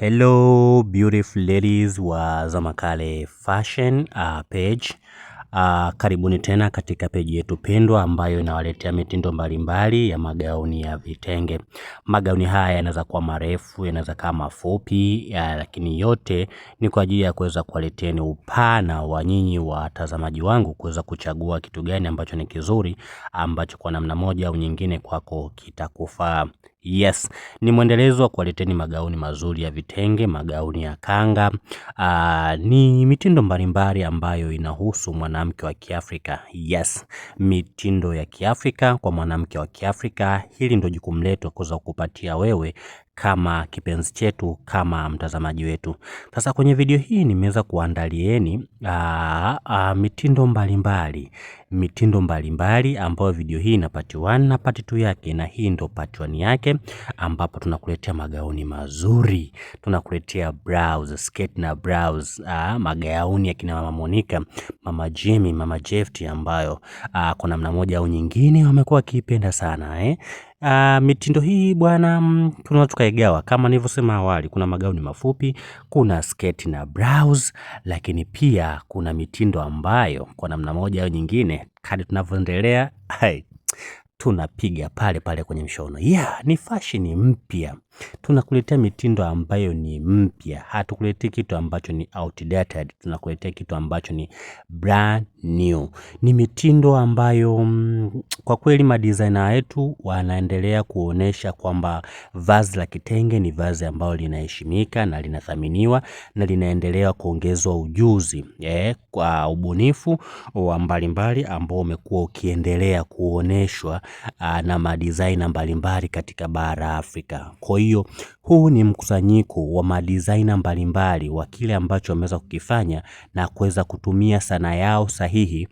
Hello, beautiful ladies wa Zamakale Fashion uh, page. Uh, karibuni tena katika peji yetu pendwa ambayo inawaletea mitindo mbalimbali ya magauni ya vitenge. Magauni haya yanaweza kuwa marefu, yanaweza kuwa mafupi ya, lakini yote ni kwa ajili ya kuweza kuwaleteni upana wa nyinyi watazamaji wangu kuweza kuchagua kitu gani ambacho ni kizuri ambacho kwa namna moja au nyingine kwako kitakufaa. Yes, ni mwendelezo wa kuwaleteni magauni mazuri ya vitenge, magauni ya kanga. Aa, ah, ni mitindo mbalimbali ambayo inahusu mwanamke wa Kiafrika. Yes, mitindo ya Kiafrika kwa mwanamke wa Kiafrika. Hili ndo jukumu letu kuweza kukupatia wewe kama kipenzi chetu, kama mtazamaji wetu. Sasa kwenye video hii nimeweza kuandalieni mitindo mbalimbali mbali. Mitindo mbalimbali mbali, ambayo video hii ina part 1 na part 2 yake, na hii ndo part 1 yake, ambapo tunakuletea magauni mazuri, tunakuletea blouse, skate na blouse, magauni ya kina mama Monica, mama Jimmy, mama Jeffy ambayo aa, kwa namna moja au nyingine wamekuwa wakiipenda sana eh? Ah, mitindo hii bwana mm, tunaweza tukaigawa kama nilivyosema awali kuna magauni mafupi, kuna sketi na blouse lakini pia kuna mitindo ambayo kwa namna moja au nyingine kadri tunavyoendelea tunapiga pale pale kwenye mshono. Yeah, ni fashion mpya Tunakuletea mitindo ambayo ni mpya, hatukuletei kitu ambacho ni outdated, tunakuletea kitu ambacho ni brand new. Ni mitindo ambayo mm, kwa kweli madesigner wetu wanaendelea kuonesha kwamba vazi la kitenge ni vazi ambalo linaheshimika na linathaminiwa na linaendelea kuongezwa ujuzi eh, kwa ubunifu wa mbalimbali ambao umekuwa ukiendelea kuoneshwa ah, na madesigner mbalimbali katika bara Afrika hiyo huu ni mkusanyiko wa madizaina mbalimbali wa kile ambacho wameweza kukifanya na kuweza kutumia sanaa yao sahihi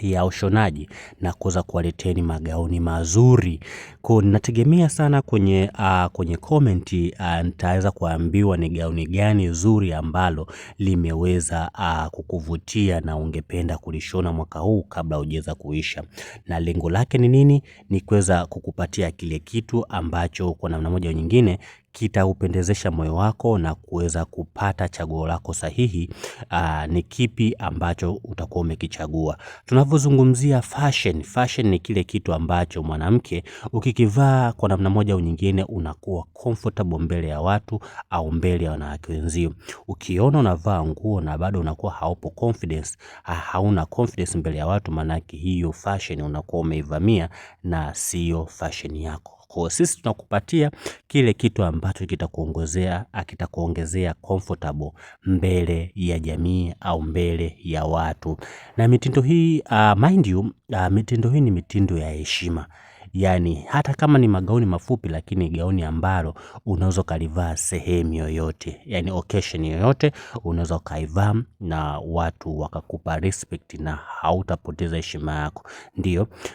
ya ushonaji na kuweza kuwaleteni magauni mazuri. Kwa nategemea sana kwenye uh, kwenye comment uh, nitaweza kuambiwa ni gauni gani zuri ambalo limeweza uh, kukuvutia na ungependa kulishona mwaka huu kabla hujaweza kuisha, na lengo lake ni nini? Ni kuweza kukupatia kile kitu ambacho kwa namna moja au nyingine kitaupendezesha moyo wako na kuweza kupata chaguo lako sahihi. Aa, ah, ni kipi ambacho utakuwa umekichagua. Tunavyozungumzia fashion, fashion ni kile kitu ambacho mwanamke ukikivaa kwa namna moja au nyingine unakuwa comfortable mbele ya watu au mbele ya wanawake wenzio. Ukiona unavaa nguo na bado unakuwa haupo confidence, hauna confidence mbele ya watu maanake hiyo fashion unakuwa umeivamia na siyo fashion yako. Kwa sisi tunakupatia kile kitu ambacho kitakuongezea akitakuongezea comfortable mbele ya jamii au mbele ya watu. Na mitindo hii ah, mind you, ah, mitindo hii ni mitindo ya heshima. Yani hata kama ni magauni mafupi lakini gauni ambalo unaweza ukalivaa sehemu yoyote. Yani occasion yoyote unaweza ukaivaa na watu wakakupa respect na hautapoteza heshima yako.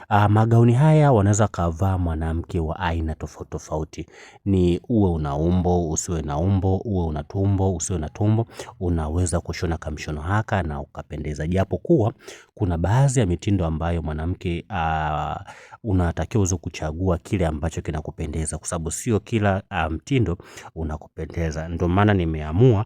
uh, magauni haya wanaweza kavaa mwanamke wa aina tofauti tofauti. Ni uwe una umbo, usiwe na umbo, uwe una tumbo, usiwe na tumbo. Unaweza kushona kamshono haka na ukapendeza. Japo kuwa kuna baadhi ya mitindo ambayo mwanamke ah, unatakiwa uweze kuchagua kile ambacho kinakupendeza kwa sababu sio kila ah, mtindo um, unakupendeza. Ndio maana nimeamua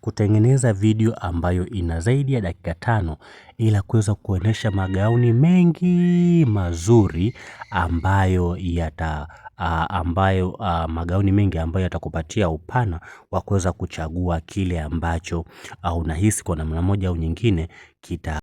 kutengeneza video ambayo ina zaidi ya dakika tano ila kuweza kuonesha magauni mengi mazuri ambayo yata uh, ambayo uh, magauni mengi ambayo yatakupatia upana wa kuweza kuchagua kile ambacho unahisi kwa namna moja au nyingine kita